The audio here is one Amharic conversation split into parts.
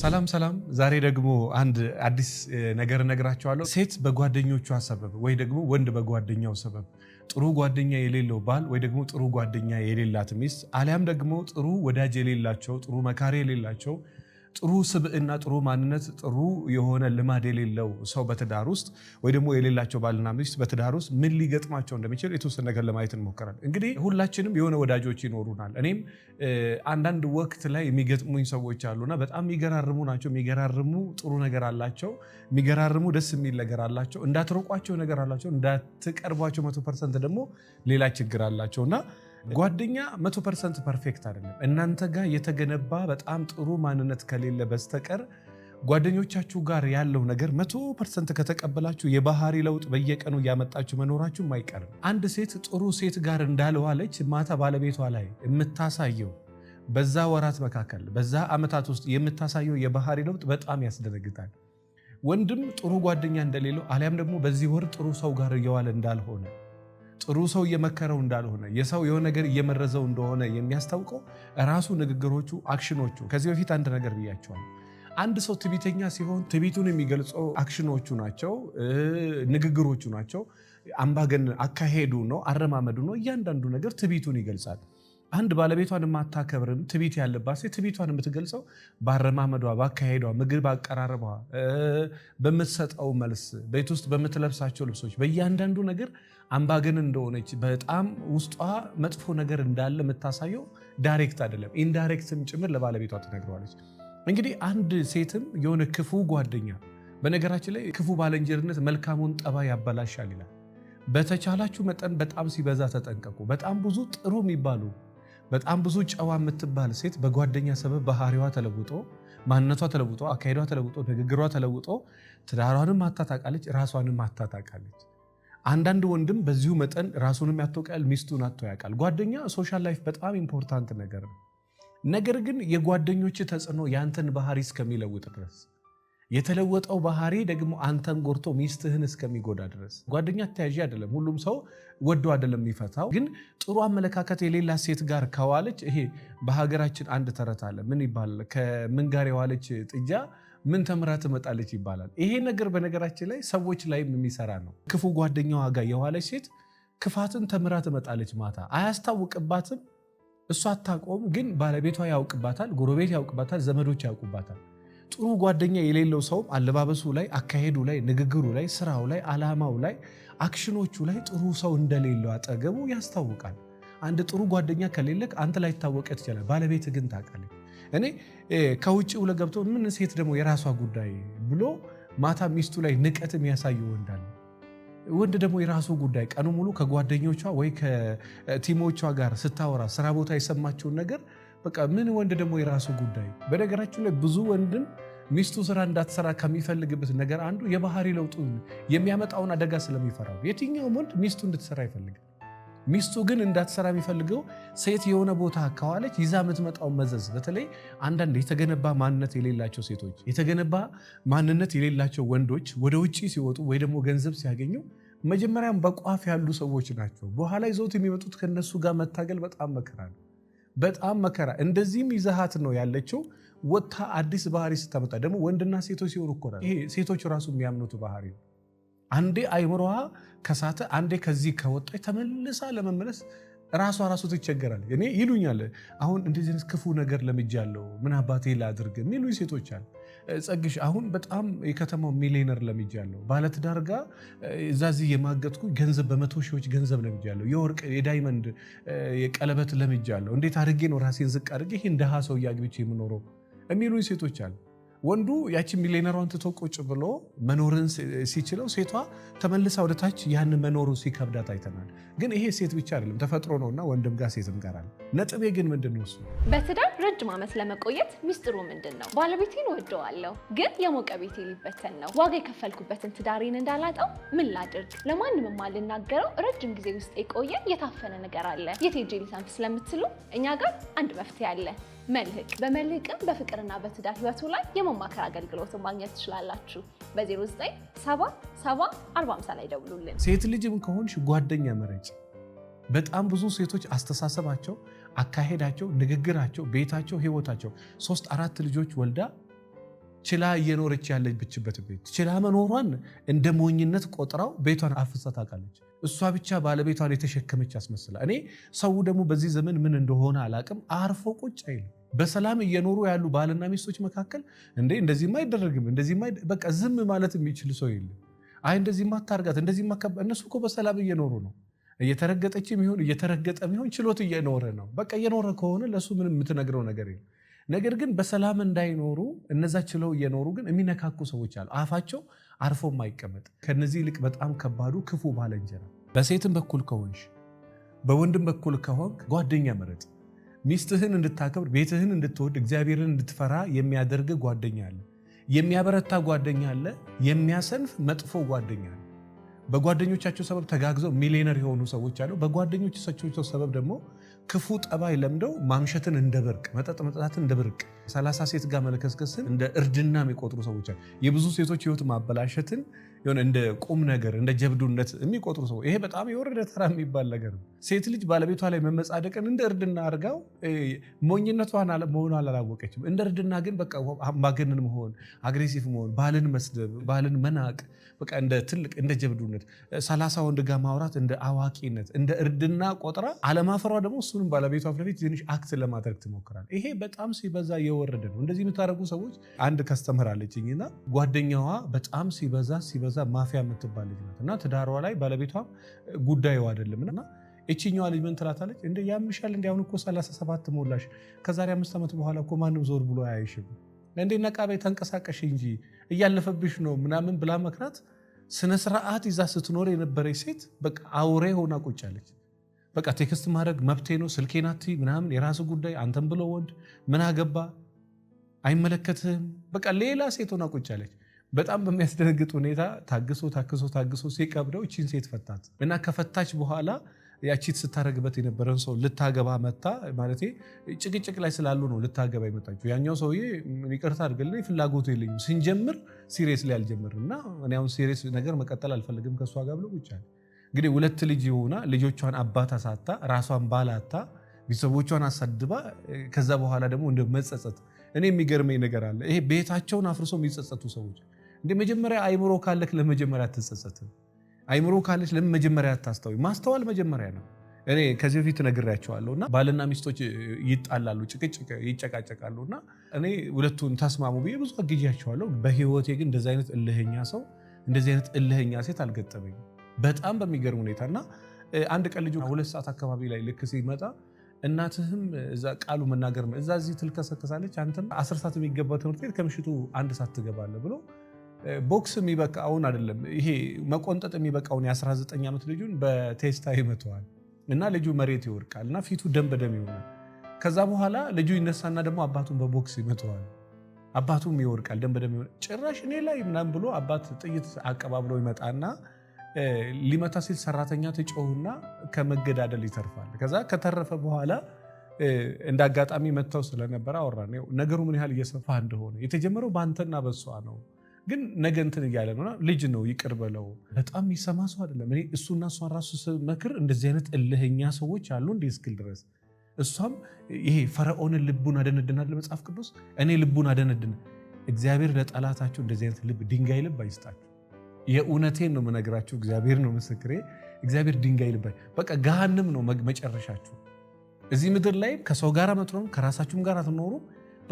ሰላም ሰላም። ዛሬ ደግሞ አንድ አዲስ ነገር እነግራቸዋለሁ። ሴት በጓደኞቿ ሰበብ ወይ ደግሞ ወንድ በጓደኛው ሰበብ ጥሩ ጓደኛ የሌለው ባል ወይ ደግሞ ጥሩ ጓደኛ የሌላት ሚስት አሊያም ደግሞ ጥሩ ወዳጅ የሌላቸው ጥሩ መካሪ የሌላቸው ጥሩ ስብዕና፣ ጥሩ ማንነት፣ ጥሩ የሆነ ልማድ የሌለው ሰው በትዳር ውስጥ ወይ ደግሞ የሌላቸው ባልና ሚስት በትዳር ውስጥ ምን ሊገጥማቸው እንደሚችል የተወሰነ ነገር ለማየት እንሞክራለን። እንግዲህ ሁላችንም የሆነ ወዳጆች ይኖሩናል። እኔም አንዳንድ ወቅት ላይ የሚገጥሙኝ ሰዎች አሉና በጣም የሚገራርሙ ናቸው። የሚገራርሙ ጥሩ ነገር አላቸው። የሚገራርሙ ደስ የሚል ነገር አላቸው። እንዳትርቋቸው ነገር አላቸው። እንዳትቀርቧቸው መቶ ፐርሰንት ደግሞ ሌላ ችግር አላቸው እና ጓደኛ መቶ ፐርሰንት ፐርፌክት አይደለም። እናንተ ጋር የተገነባ በጣም ጥሩ ማንነት ከሌለ በስተቀር ጓደኞቻችሁ ጋር ያለው ነገር መቶ ፐርሰንት ከተቀበላችሁ የባህሪ ለውጥ በየቀኑ እያመጣችሁ መኖራችሁም አይቀርም። አንድ ሴት ጥሩ ሴት ጋር እንዳልዋለች ማታ ባለቤቷ ላይ የምታሳየው በዛ ወራት መካከል በዛ ዓመታት ውስጥ የምታሳየው የባህሪ ለውጥ በጣም ያስደነግጣል። ወንድም ጥሩ ጓደኛ እንደሌለው አሊያም ደግሞ በዚህ ወር ጥሩ ሰው ጋር እየዋለ እንዳልሆነ ጥሩ ሰው እየመከረው እንዳልሆነ የሰው የሆነ ነገር እየመረዘው እንደሆነ የሚያስታውቀው ራሱ ንግግሮቹ፣ አክሽኖቹ። ከዚህ በፊት አንድ ነገር ብያቸዋል። አንድ ሰው ትቢተኛ ሲሆን ትቢቱን የሚገልጸው አክሽኖቹ ናቸው፣ ንግግሮቹ ናቸው፣ አምባገነን አካሄዱ ነው፣ አረማመዱ ነው። እያንዳንዱ ነገር ትቢቱን ይገልጻል። አንድ ባለቤቷን የማታከብርም ትቢት ያለባት ሴት ትቢቷን የምትገልጸው በአረማመዷ፣ ባካሄዷ፣ ምግብ አቀራረቧ፣ በምትሰጠው መልስ፣ ቤት ውስጥ በምትለብሳቸው ልብሶች፣ በእያንዳንዱ ነገር አምባገን እንደሆነች በጣም ውስጧ መጥፎ ነገር እንዳለ የምታሳየው ዳይሬክት አይደለም ኢንዳይሬክትም ጭምር ለባለቤቷ ትነግረዋለች። እንግዲህ አንድ ሴትም የሆነ ክፉ ጓደኛ በነገራችን ላይ ክፉ ባለንጀርነት መልካሙን ጠባ ያበላሻል ይላል። በተቻላችሁ መጠን በጣም ሲበዛ ተጠንቀቁ። በጣም ብዙ ጥሩ የሚባሉ በጣም ብዙ ጨዋ የምትባል ሴት በጓደኛ ሰበብ ባህሪዋ ተለውጦ ማንነቷ ተለውጦ አካሄዷ ተለውጦ ንግግሯ ተለውጦ ትዳሯንም አታታቃለች፣ ራሷንም አታታቃለች። አንዳንድ ወንድም በዚሁ መጠን ራሱንም ያቶቃል፣ ሚስቱን አቶ ያውቃል። ጓደኛ ሶሻል ላይፍ በጣም ኢምፖርታንት ነገር ነው። ነገር ግን የጓደኞች ተጽዕኖ ያንተን ባህሪ እስከሚለውጥ ድረስ የተለወጠው ባህሪ ደግሞ አንተን ጎርቶ ሚስትህን እስከሚጎዳ ድረስ። ጓደኛ ተያዥ አይደለም፣ ሁሉም ሰው ወዶ አይደለም የሚፈታው። ግን ጥሩ አመለካከት የሌላ ሴት ጋር ከዋለች፣ ይሄ በሀገራችን አንድ ተረት አለ። ምን ይባላል? ከምን ጋር የዋለች ጥጃ ምን ተምራ ትመጣለች ይባላል። ይሄ ነገር በነገራችን ላይ ሰዎች ላይም የሚሰራ ነው። ክፉ ጓደኛዋ ጋር የዋለች ሴት ክፋትን ተምራ ትመጣለች። ማታ አያስታውቅባትም፣ እሷ አታቆም፣ ግን ባለቤቷ ያውቅባታል፣ ጎረቤት ያውቅባታል፣ ዘመዶች ያውቁባታል። ጥሩ ጓደኛ የሌለው ሰውም አለባበሱ ላይ፣ አካሄዱ ላይ፣ ንግግሩ ላይ፣ ስራው ላይ፣ አላማው ላይ፣ አክሽኖቹ ላይ ጥሩ ሰው እንደሌለው አጠገቡ ያስታውቃል። አንድ ጥሩ ጓደኛ ከሌለክ አንተ ላይ ታወቀ ትችላል፣ ባለቤት ግን ታውቃለች። እኔ ከውጭ ውለ ገብቶ ምን ሴት ደግሞ የራሷ ጉዳይ ብሎ ማታ ሚስቱ ላይ ንቀት የሚያሳየ ወንድ አለ። ወንድ ደግሞ የራሱ ጉዳይ ቀኑ ሙሉ ከጓደኞቿ ወይ ከቲሞቿ ጋር ስታወራ ስራ ቦታ የሰማችውን ነገር በቃ ምን ወንድ ደግሞ የራሱ ጉዳይ። በነገራችን ላይ ብዙ ወንድም ሚስቱ ስራ እንዳትሰራ ከሚፈልግበት ነገር አንዱ የባህሪ ለውጡ የሚያመጣውን አደጋ ስለሚፈራው፣ የትኛውም ወንድ ሚስቱ እንድትሰራ ይፈልጋል። ሚስቱ ግን እንዳትሰራ የሚፈልገው ሴት የሆነ ቦታ ከዋለች ይዛ የምትመጣውን መዘዝ፣ በተለይ አንዳንድ የተገነባ ማንነት የሌላቸው ሴቶች፣ የተገነባ ማንነት የሌላቸው ወንዶች ወደ ውጭ ሲወጡ ወይ ደግሞ ገንዘብ ሲያገኙ መጀመሪያም በቋፍ ያሉ ሰዎች ናቸው። በኋላ ይዘውት የሚመጡት ከነሱ ጋር መታገል በጣም መከራ ነው። በጣም መከራ። እንደዚህም ይዛሃት ነው ያለችው። ወጥታ አዲስ ባህሪ ስታመጣ ደግሞ ወንድና ሴቶች ሲሆኑ እኮ ይሄ ሴቶች ራሱ የሚያምኑት ባህሪ ነው። አንዴ አይምሮዋ ከሳተ አንዴ ከዚህ ከወጣች ተመልሳ ለመመለስ ራሷ ራሱ ትቸገራል። እኔ ይሉኛል አሁን እንደዚህ አይነት ክፉ ነገር ለምጃለሁ፣ ምን አባቴ ላድርግ የሚሉ ሴቶች አሉ። ጸግሽ አሁን በጣም የከተማው ሚሊዮነር ለምጃለሁ፣ ባለትዳር ጋር እዛዚህ የማገጥኩ ገንዘብ በመቶ ሺዎች ገንዘብ ለምጃለሁ፣ የወርቅ የዳይመንድ የቀለበት ለምጃለሁ፣ እንዴት አድርጌ ነው ራሴን ዝቅ አድርጌ ይህን ድሃ ሰው እያግብቼ የምኖረው የሚሉ ሴቶች አሉ። ወንዱ ያቺ ሚሊነሯን ትቶ ቁጭ ብሎ መኖርን ሲችለው ሴቷ ተመልሳ ወደ ታች ያን መኖሩ ሲከብዳት አይተናል። ግን ይሄ ሴት ብቻ አይደለም ተፈጥሮ እና ወንድም ጋር ሴትም ጋር አለ። ነጥቤ ግን ምንድን ነው እሱ በትዳር ረጅም ዓመት ለመቆየት ሚስጥሩ ምንድን ነው? ባለቤቴን ወደዋለሁ፣ ግን የሞቀ ቤቴ ሊበተን ነው። ዋጋ የከፈልኩበትን ትዳሬን እንዳላጣው ምን ላድርግ? ለማንም የማልናገረው ረጅም ጊዜ ውስጥ የቆየ የታፈነ ነገር አለ። የቴጄ ሊሰንፍ ስለምትሉ እኛ ጋር አንድ መፍትሄ አለ። መልህቅ በመልህቅም በፍቅርና በትዳር ህይወቱ ላይ የመማከር አገልግሎትን ማግኘት ትችላላችሁ። በ0977 45 ላይ ደውሉልን። ሴት ልጅም ከሆንሽ ጓደኛ መረጭ። በጣም ብዙ ሴቶች አስተሳሰባቸው፣ አካሄዳቸው፣ ንግግራቸው፣ ቤታቸው፣ ህይወታቸው ሶስት አራት ልጆች ወልዳ ችላ እየኖረች ያለችበት ቤት ችላ መኖሯን እንደ ሞኝነት ቆጥራው ቤቷን አፍሳ ታውቃለች። እሷ ብቻ ባለቤቷን የተሸከመች ያስመስላ። እኔ ሰው ደግሞ በዚህ ዘመን ምን እንደሆነ አላቅም፣ አርፎ ቁጭ አይል። በሰላም እየኖሩ ያሉ ባልና ሚስቶች መካከል እንዴ እንደዚህማ አይደረግም፣ እንደዚህማ በቃ ዝም ማለት የሚችል ሰው የለም። አይ እንደዚህማ አታርጋት፣ እንደዚህማ እነሱ እኮ በሰላም እየኖሩ ነው። እየተረገጠች የሚሆን እየተረገጠ የሚሆን ችሎት እየኖረ ነው። በቃ እየኖረ ከሆነ ለእሱ ምንም የምትነግረው ነገር የለም። ነገር ግን በሰላም እንዳይኖሩ እነዛ ችለው እየኖሩ ግን የሚነካኩ ሰዎች አሉ። አፋቸው አርፎ የማይቀመጥ ከነዚህ ይልቅ በጣም ከባዱ ክፉ ባልንጀራ። በሴትም በኩል ከሆንሽ በወንድም በኩል ከሆንክ ጓደኛ ምረጥ። ሚስትህን እንድታከብር ቤትህን እንድትወድ እግዚአብሔርን እንድትፈራ የሚያደርግ ጓደኛ አለ። የሚያበረታ ጓደኛ አለ። የሚያሰንፍ መጥፎ ጓደኛ አለ። በጓደኞቻቸው ሰበብ ተጋግዘው ሚሊዮነር የሆኑ ሰዎች አሉ። በጓደኞቻቸው ሰበብ ደግሞ ክፉ ጠባይ ለምደው ማምሸትን እንደ ብርቅ፣ መጠጥ መጠጣትን እንደ ብርቅ፣ ሰላሳ ሴት ጋር መለከስከስን እንደ እርድና የሚቆጥሩ ሰዎች አሉ። የብዙ ሴቶች ህይወት ማበላሸትን እንደ ቁም ነገር እንደ ጀብዱነት የሚቆጥሩ ሰዎች ይሄ በጣም የወረደ ተራ የሚባል ነገር ነው። ሴት ልጅ ባለቤቷ ላይ መመጻደቅን እንደ እርድና አድርጋው ሞኝነቷን መሆኗን አላወቀችም። እንደ እርድና ግን በቃ አምባገነን መሆን፣ አግሬሲቭ መሆን፣ ባልን መስደብ፣ ባልን መናቅ በቃ እንደ ትልቅ እንደ ጀብዱነት፣ ሰላሳ ወንድ ጋር ማውራት እንደ አዋቂነት፣ እንደ እርድና ቆጥራ አለማፈሯ ደግሞ እሱንም ባለቤቷ ፊት ለፊት ትንሽ አክት ለማድረግ ትሞክራል። ይሄ በጣም ሲበዛ የወረደ ነው። እንደዚህ የምታደርጉ ሰዎች አንድ ከስተመር አለችኝና ጓደኛዋ በጣም ሲበዛ ሲበዛ ማፊያ የምትባል ልጅ ናት እና ትዳሯ ላይ ባለቤቷ ጉዳዩ አይደለምና እቺኛዋ ልጅ ምን ትላታለች? እንደ ያምሻል እንዲ አሁን እኮ 37 ሞላሽ። ከዛሬ አምስት ዓመት በኋላ እኮ ማንም ዞር ብሎ አያይሽም። እንዴ ነቃቤ ተንቀሳቀሽ እንጂ እያለፈብሽ ነው ምናምን ብላ መክራት፣ ስነ ስርዓት ይዛ ስትኖር የነበረች ሴት በቃ አውሬ ሆና ቁጫለች። በቃ ቴክስት ማድረግ መብቴ ነው ስልኬን አትይ ምናምን የራስ ጉዳይ አንተን ብሎ ወንድ ምን አገባ አይመለከትህም። በቃ ሌላ ሴት ሆና ቁጫለች። በጣም በሚያስደነግጥ ሁኔታ ታግሶ ታግሶ ታግሶ ሲቀብደው እቺን ሴት ፈታት እና ከፈታች በኋላ ያቺት ስታደረግበት የነበረን ሰው ልታገባ መታ ማለት ጭቅጭቅ ላይ ስላሉ ነው ልታገባ የመጣችው። ያኛው ሰውዬ ይቅርታ አድርግልኝ ፍላጎቱ የለኝም ስንጀምር ሲሪየስ ላይ አልጀምርም እና እኔ አሁን ሲሪየስ ነገር መቀጠል አልፈልግም ከእሷ ጋር ብሎ እንግዲህ ሁለት ልጅ የሆና ልጆቿን አባት አሳታ ራሷን ባል አታ ቤተሰቦቿን አሳድባ ከዛ በኋላ ደግሞ እንደ መጸጸት እኔ የሚገርመኝ ነገር አለ። ይሄ ቤታቸውን አፍርሶ የሚጸጸቱ ሰዎች እንደ መጀመሪያ አይምሮ ካለክ ለመጀመሪያ አትጸጸትም። አይምሮ ካለች ለምን መጀመሪያ ማስተዋል መጀመሪያ ነው። እኔ ከዚህ በፊት ነግሬያቸዋለሁ እና ባልና ሚስቶች ይጣላሉ፣ ጭቅጭቅ ይጨቃጨቃሉ እና እኔ ሁለቱን ተስማሙ ብዬ ብዙ አግዣቸዋለሁ። በህይወቴ ግን እንደዚህ አይነት እልህኛ ሰው እንደዚህ አይነት እልህኛ ሴት አልገጠመኝ በጣም በሚገርም ሁኔታ እና አንድ ቀን ልጁ ሁለት ሰዓት አካባቢ ላይ ልክ ሲመጣ እናትህም እዛ ቃሉ መናገር እዛ እዚህ ትልከሰከሳለች፣ አንተም አስር ሰዓት የሚገባ ትምህርት ቤት ከምሽቱ አንድ ሰዓት ትገባለህ ብሎ ቦክስ የሚበቃውን አይደለም ይሄ መቆንጠጥ የሚበቃውን የ19 ዓመት ልጁን በቴስታ ይመተዋል እና ልጁ መሬት ይወድቃል እና ፊቱ ደም በደም ይሆናል። ከዛ በኋላ ልጁ ይነሳና ደግሞ አባቱን በቦክስ ይመተዋል። አባቱም ይወድቃል፣ ደም በደም ይሆናል። ጭራሽ እኔ ላይ ምናምን ብሎ አባት ጥይት አቀባብሎ ይመጣና ሊመታ ሲል ሰራተኛ ትጮህና ከመገዳደል ይተርፋል። ከዛ ከተረፈ በኋላ እንደ አጋጣሚ መጥተው ስለነበረ አወራ ነገሩ ምን ያህል እየሰፋ እንደሆነ የተጀመረው በአንተና በሷ ነው ግን ነገ እንትን እያለ ነው ልጅ ነው ይቅር በለው በጣም የሚሰማ ሰው አይደለም። እኔ እሱና እሷን ራሱ ስመክር እንደዚህ አይነት እልህኛ ሰዎች አሉ እንዲ እስክል ድረስ እሷም ይሄ ፈርዖንን ልቡን አደነድናል መጽሐፍ ቅዱስ እኔ ልቡን አደነድን። እግዚአብሔር ለጠላታቸው እንደዚህ አይነት ልብ ድንጋይ ልብ አይስጣችሁ። የእውነቴን ነው የምነግራችሁ። እግዚአብሔር ነው ምስክሬ። እግዚአብሔር ድንጋይ ልብ በቃ ገሃንም ነው መጨረሻችሁ። እዚህ ምድር ላይ ከሰው ጋር መትኖሩ ከራሳችሁም ጋር አትኖሩም።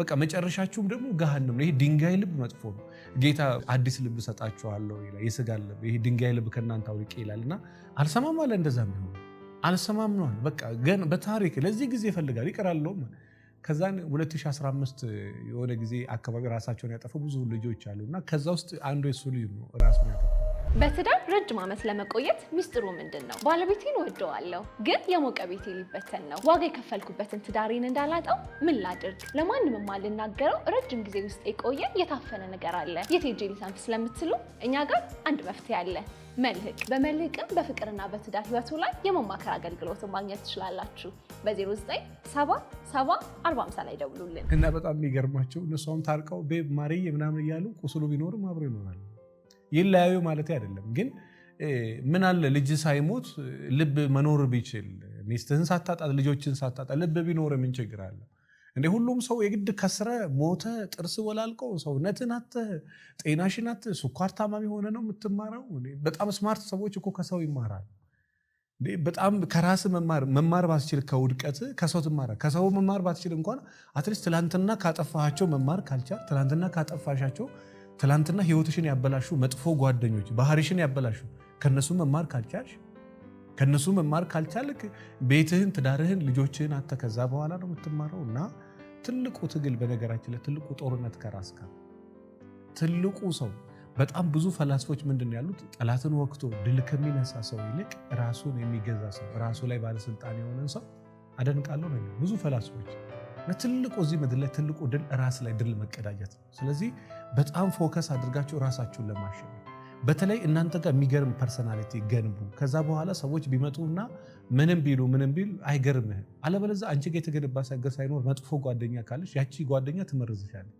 በቃ መጨረሻችሁም ደግሞ ገሃነም ነው። ይሄ ድንጋይ ልብ መጥፎ ነው። ጌታ አዲስ ልብ ሰጣችኋለሁ ይላል፣ የስጋ ልብ። ይሄ ድንጋይ ልብ ከእናንተ አውልቄ ይላል እና አልሰማም አለ። እንደዛ ቢሆን አልሰማም ነዋል። በቃ ገን በታሪክ ለዚህ ጊዜ ይፈልጋል ይቀራለሁ። ከዛን 2015 የሆነ ጊዜ አካባቢ ራሳቸውን ያጠፉ ብዙ ልጆች አሉ እና ከዛ ውስጥ አንዱ የሱ ልጅ ነው ራሱን ያጠፋ በትዳር ረጅም ዓመት ለመቆየት ሚስጥሩ ምንድን ነው? ባለቤቴን ወደዋለሁ፣ ግን የሞቀ ቤቴ ሊበተን ነው። ዋጋ የከፈልኩበትን ትዳሬን እንዳላጣው ምን ላድርግ? ለማንም የማልናገረው ረጅም ጊዜ ውስጥ የቆየ የታፈነ ነገር አለ። የቴጄ ሄጄ ስለምትሉ እኛ ጋር አንድ መፍትሄ አለ። መልህቅ። በመልህቅም በፍቅርና በትዳር ህይወቱ ላይ የመማከር አገልግሎትን ማግኘት ትችላላችሁ። 45 ላይ ደውሉልን እና በጣም የሚገርማቸው እነሷም ታርቀው ቤብ ማርዬ ምናምን እያሉ ቁስሉ ቢኖርም አብሮ ይኖራል። ይለያዩ ማለት አይደለም። ግን ምን አለ ልጅ ሳይሞት ልብ መኖር ቢችል፣ ሚስትህን ሳታጣ፣ ልጆችን ሳታጣ ልብ ቢኖር ምን ችግር አለ? እንደ ሁሉም ሰው የግድ ከስረ ሞተ ጥርስ ወላልቆ ሰውነትን አተህ ጤናሽን አተህ ስኳር ታማሚ ሆነ ነው የምትማረው። በጣም ስማርት ሰዎች እኮ ከሰው ይማራል። በጣም ከራስ መማር ባትችል ከውድቀት ከሰው ትማረ ከሰው መማር ባትችል እንኳን አትሊስት ትላንትና ካጠፋቸው መማር ካልቻል ትላንትና ካጠፋሻቸው ትላንትና ህይወትሽን ያበላሹ መጥፎ ጓደኞች ባህሪሽን ያበላሹ ከነሱ መማር ካልቻልሽ ከነሱ መማር ካልቻልክ ቤትህን፣ ትዳርህን፣ ልጆችህን አተ ከዛ በኋላ ነው የምትማረው። እና ትልቁ ትግል በነገራችን ላይ ትልቁ ጦርነት ከራስ ጋር ትልቁ ሰው በጣም ብዙ ፈላስፎች ምንድን ያሉት ጠላትን ወቅቶ ድል ከሚነሳ ሰው ይልቅ ራሱን የሚገዛ ሰው ራሱ ላይ ባለስልጣን የሆነን ሰው አደንቃለሁ ነው ብዙ ፈላስፎች በትልቁ እዚህ ምድር ላይ ትልቁ ድል ራስ ላይ ድል መቀዳጀት ነው። ስለዚህ በጣም ፎከስ አድርጋችሁ ራሳችሁን ለማሸነፍ በተለይ እናንተ ጋር የሚገርም ፐርሰናሊቲ ገንቡ። ከዛ በኋላ ሰዎች ቢመጡና ምንም ቢሉ ምንም ቢሉ አይገርምህ። አለበለዚያ አንቺ ጋር የተገነባ ሳገር ሳይኖር መጥፎ ጓደኛ ካለች ያቺ ጓደኛ ትመርዝሻለች።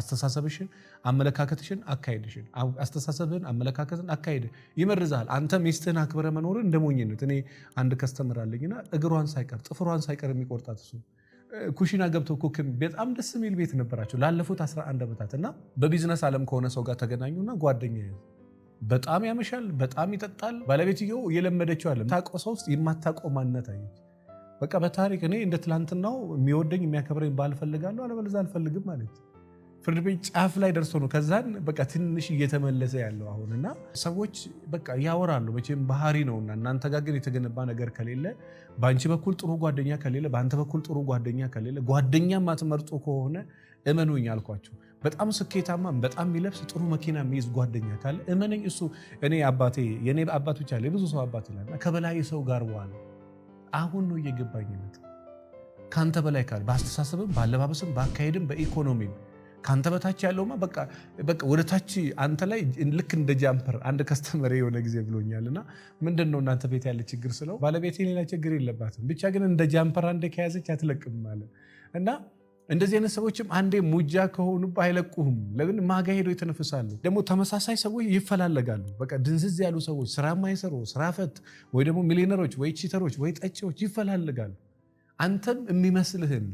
አስተሳሰብሽን፣ አመለካከትሽን፣ አካሄድሽን አስተሳሰብህን፣ አመለካከትን፣ አካሄድ ይመርዛል። አንተ ሚስትህን አክብረ መኖርን እንደሞኝነት እኔ አንድ ከስተምር አለኝና እግሯን ሳይቀር ጥፍሯን ሳይቀር የሚቆርጣት እሱ ኩሽና ገብተው ኩክ በጣም ደስ የሚል ቤት ነበራቸው ላለፉት 11 ዓመታት እና በቢዝነስ ዓለም ከሆነ ሰው ጋር ተገናኙና ጓደኛ በጣም ያመሻል፣ በጣም ይጠጣል። ባለቤትየው እየለመደችው አለ ታውቀው ሰው ውስጥ የማታውቀው ማንነት አየች። በቃ በታሪክ እኔ እንደ ትላንትናው የሚወደኝ የሚያከብረኝ ባልፈልጋለሁ፣ አለበለዚያ አልፈልግም ማለት ፍርድ ቤት ጫፍ ላይ ደርሶ ነው። ከዛን በቃ ትንሽ እየተመለሰ ያለው አሁን እና ሰዎች በቃ ያወራሉ። መቼም ባህሪ ነው ነውና እናንተ ጋር ግን የተገነባ ነገር ከሌለ፣ በአንቺ በኩል ጥሩ ጓደኛ ከሌለ፣ በአንተ በኩል ጥሩ ጓደኛ ከሌለ፣ ጓደኛ ማትመርጦ ከሆነ እመኑኝ አልኳቸው። በጣም ስኬታማ በጣም የሚለብስ ጥሩ መኪና የሚይዝ ጓደኛ ካለ እመነኝ እሱ እኔ አባቴ የኔ አባት ብቻ የብዙ ሰው አባት ይላልና ከበላይ ሰው ጋር ዋል አሁን ነው እየገባኝ መጣ። ከአንተ በላይ ካለ በአስተሳሰብም፣ በአለባበስም፣ በአካሄድም፣ በኢኮኖሚም ከአንተ በታች ያለውማ በቃ ወደ ታች አንተ ላይ ልክ እንደ ጃምፐር አንድ ከስተመሬ የሆነ ጊዜ ብሎኛል። እና ምንድን ነው እናንተ ቤት ያለ ችግር ስለው ባለቤቴ ሌላ ችግር የለባትም ብቻ ግን እንደ ጃምፐር አንዴ ከያዘች አትለቅም አለ እና እንደዚህ አይነት ሰዎችም አንዴ ሙጃ ከሆኑ አይለቁህም። ለምን ማጋ ሄዶ የተነፍሳሉ። ደግሞ ተመሳሳይ ሰዎች ይፈላለጋሉ። በቃ ድንዝዝ ያሉ ሰዎች፣ ስራ ማይሰሩ፣ ስራ ፈት ወይ ደግሞ ሚሊነሮች ወይ ቺተሮች ወይ ጠጪዎች ይፈላለጋሉ። አንተም የሚመስልህን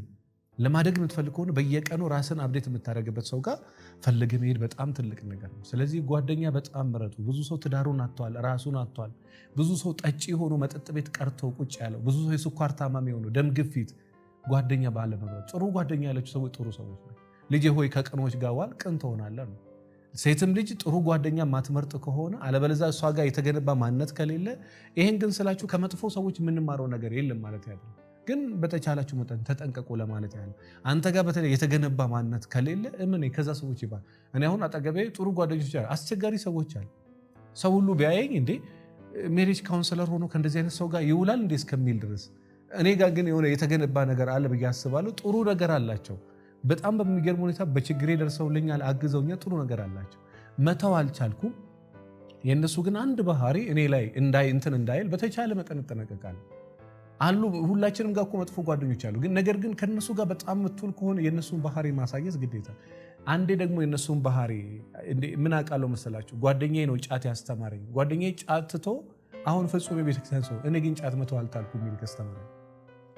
ለማደግ የምትፈልግ ከሆነ በየቀኑ ራስን አብዴት የምታደርግበት ሰው ጋር ፈልገህ መሄድ በጣም ትልቅ ነገር ነው። ስለዚህ ጓደኛ በጣም ምረጡ። ብዙ ሰው ትዳሩን አጥቷል፣ ራሱን አጥቷል። ብዙ ሰው ጠጪ ሆኖ መጠጥ ቤት ቀርቶ ቁጭ ያለው፣ ብዙ ሰው የስኳር ታማሚ ሆኖ ደም ግፊት፣ ጓደኛ ባለመምረጥ። ጥሩ ጓደኛ ያላቸው ሰዎች ጥሩ ሰዎች ነው። ልጅ ሆይ ከቅኖች ጋር ዋል፣ ቅን ትሆናለህ ነው። ሴትም ልጅ ጥሩ ጓደኛ ማትመርጥ ከሆነ አለበለዚያ እሷ ጋር የተገነባ ማንነት ከሌለ፣ ይህን ግን ስላችሁ ከመጥፎ ሰዎች የምንማረው ነገር የለም ማለት ያለ ግን በተቻላችሁ መጠን ተጠንቀቁ ለማለት ያለ አንተ ጋር በተለይ የተገነባ ማንነት ከሌለ እምን ከዛ ሰዎች ይባል። እኔ አሁን አጠገቤ ጥሩ ጓደኞች አሉ፣ አስቸጋሪ ሰዎች አሉ። ሰው ሁሉ ቢያየኝ እንዴ ሜሪጅ ካውንስለር ሆኖ ከእንደዚህ አይነት ሰው ጋር ይውላል እንዴ እስከሚል ድረስ። እኔ ጋር ግን የሆነ የተገነባ ነገር አለ ብዬ አስባለሁ። ጥሩ ነገር አላቸው። በጣም በሚገርም ሁኔታ በችግሬ ደርሰውልኛል፣ አግዘውኛል። ጥሩ ነገር አላቸው። መተው አልቻልኩም። የእነሱ ግን አንድ ባህሪ እኔ ላይ እንትን እንዳይል በተቻለ መጠን እጠነቀቃለሁ። አሉ ሁላችንም ጋር እኮ መጥፎ ጓደኞች አሉ። ግን ነገር ግን ከነሱ ጋር በጣም የምትውል ከሆነ የእነሱን ባህሪ ማሳየት ግዴታ። አንዴ ደግሞ የእነሱን ባህሪ ምን አውቃለሁ መሰላችሁ፣ ጓደኛዬ ነው ጫት ያስተማረኝ። ጓደኛዬ ጫት ትቶ አሁን ፍጹም የቤተክርስቲያን ሰው፣ እኔ ግን ጫት መተው አልታልኩ የሚል ከስተማረ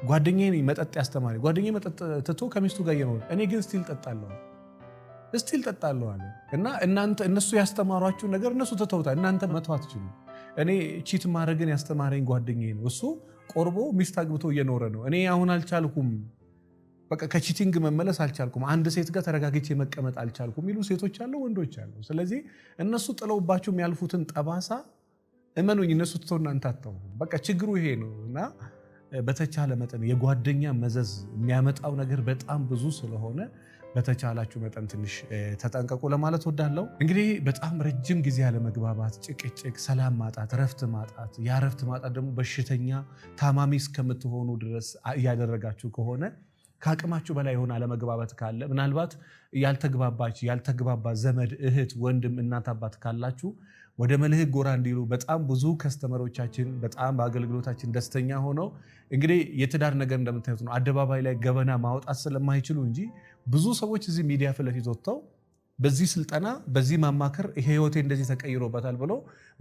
ጓደኛዬ፣ መጠጥ ያስተማረ ጓደኛ መጠጥ ትቶ ከሚስቱ ጋር እየኖረ እኔ ግን ስቲል ጠጣለሁ ስቲል ጠጣለሁ አለ እና እናንተ እነሱ ያስተማሯችሁ ነገር እነሱ ትተውታል፣ እናንተ መተው አትችሉ። እኔ ቺት ማድረግን ያስተማረኝ ጓደኛዬ ነው እሱ ቆርቦ ሚስት አግብቶ እየኖረ ነው። እኔ አሁን አልቻልኩም፣ በቃ ከቺቲንግ መመለስ አልቻልኩም፣ አንድ ሴት ጋር ተረጋግቼ መቀመጥ አልቻልኩም የሚሉ ሴቶች አሉ፣ ወንዶች አሉ። ስለዚህ እነሱ ጥለውባቸው የሚያልፉትን ጠባሳ እመኑኝ፣ እነሱ ትቶ እናንተ አታው። በቃ ችግሩ ይሄ ነው እና በተቻለ መጠን የጓደኛ መዘዝ የሚያመጣው ነገር በጣም ብዙ ስለሆነ በተቻላችሁ መጠን ትንሽ ተጠንቀቁ ለማለት ወዳለው። እንግዲህ በጣም ረጅም ጊዜ ያለመግባባት፣ ጭቅጭቅ፣ ሰላም ማጣት፣ ረፍት ማጣት፣ ያረፍት ማጣት ደግሞ በሽተኛ ታማሚ እስከምትሆኑ ድረስ እያደረጋችሁ ከሆነ ከአቅማችሁ በላይ የሆነ አለመግባባት ካለ ምናልባት ያልተግባባች ያልተግባባ ዘመድ፣ እህት፣ ወንድም፣ እናት፣ አባት ካላችሁ ወደ መልህ ጎራ እንዲሉ በጣም ብዙ ከስተመሮቻችን በጣም በአገልግሎታችን ደስተኛ ሆነው እንግዲህ የትዳር ነገር እንደምታዩት ነው። አደባባይ ላይ ገበና ማውጣት ስለማይችሉ እንጂ ብዙ ሰዎች እዚህ ሚዲያ ፊት ለፊት ወጥተው በዚህ ስልጠና በዚህ ማማከር ይሄ ህይወቴ እንደዚህ ተቀይሮበታል ብሎ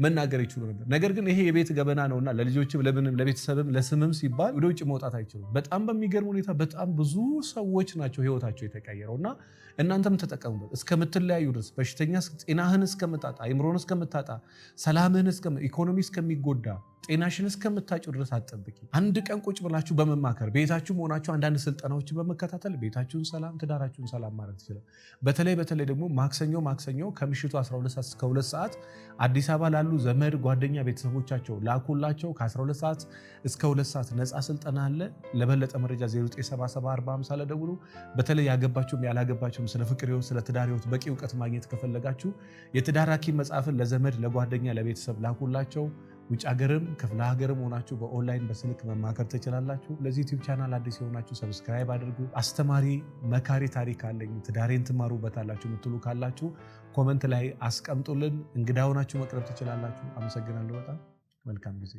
መናገር ይችሉ ነበር። ነገር ግን ይሄ የቤት ገበና ነውና ለልጆችም ለምንም ለቤተሰብም ለስምም ሲባል ወደ ውጭ መውጣት አይችሉም። በጣም በሚገርም ሁኔታ በጣም ብዙ ሰዎች ናቸው ህይወታቸው የተቀየረው እና እናንተም ተጠቀሙበት። እስከምትለያዩ ድረስ በሽተኛ ጤናህን እስከምታጣ፣ አይምሮን እስከምታጣ፣ ሰላምህን ኢኮኖሚ እስከሚጎዳ ጤናሽን እስከምታጩ ድረስ አትጠብቂ። አንድ ቀን ቁጭ ብላችሁ በመማከር ቤታችሁ መሆናችሁ አንዳንድ ስልጠናዎችን በመከታተል ቤታችሁን ሰላም ትዳራችሁን ሰላም ማድረግ ትችላል። በተለይ በተለይ ደግሞ ማክሰኞ ማክሰኞ ከምሽቱ 12 እስከ 2 ሰዓት አዲስ አበባ ያሉ ዘመድ ጓደኛ ቤተሰቦቻቸው ላኩላቸው። ከ12 ሰዓት እስከ 2 ሰዓት ነፃ ስልጠና አለ። ለበለጠ መረጃ 097745 ለደውሉ። በተለይ ያገባችሁም ያላገባችሁም ስለ ፍቅር ሕይወት፣ ስለ ትዳር ሕይወት በቂ እውቀት ማግኘት ከፈለጋችሁ የትዳር ሐኪም መጽሐፍን ለዘመድ ለጓደኛ ለቤተሰብ ላኩላቸው። ውጭ ሀገርም ክፍለ ሀገርም ሆናችሁ በኦንላይን በስልክ መማከር ትችላላችሁ። ለዚህ ዩቲዩብ ቻናል አዲስ የሆናችሁ ሰብስክራይብ አድርጉ። አስተማሪ መካሪ ታሪክ አለኝ ትዳሬን ትማሩበታላችሁ የምትሉ ካላችሁ ኮመንት ላይ አስቀምጡልን። እንግዳ ሆናችሁ መቅረብ ትችላላችሁ። አመሰግናለሁ። በጣም መልካም ጊዜ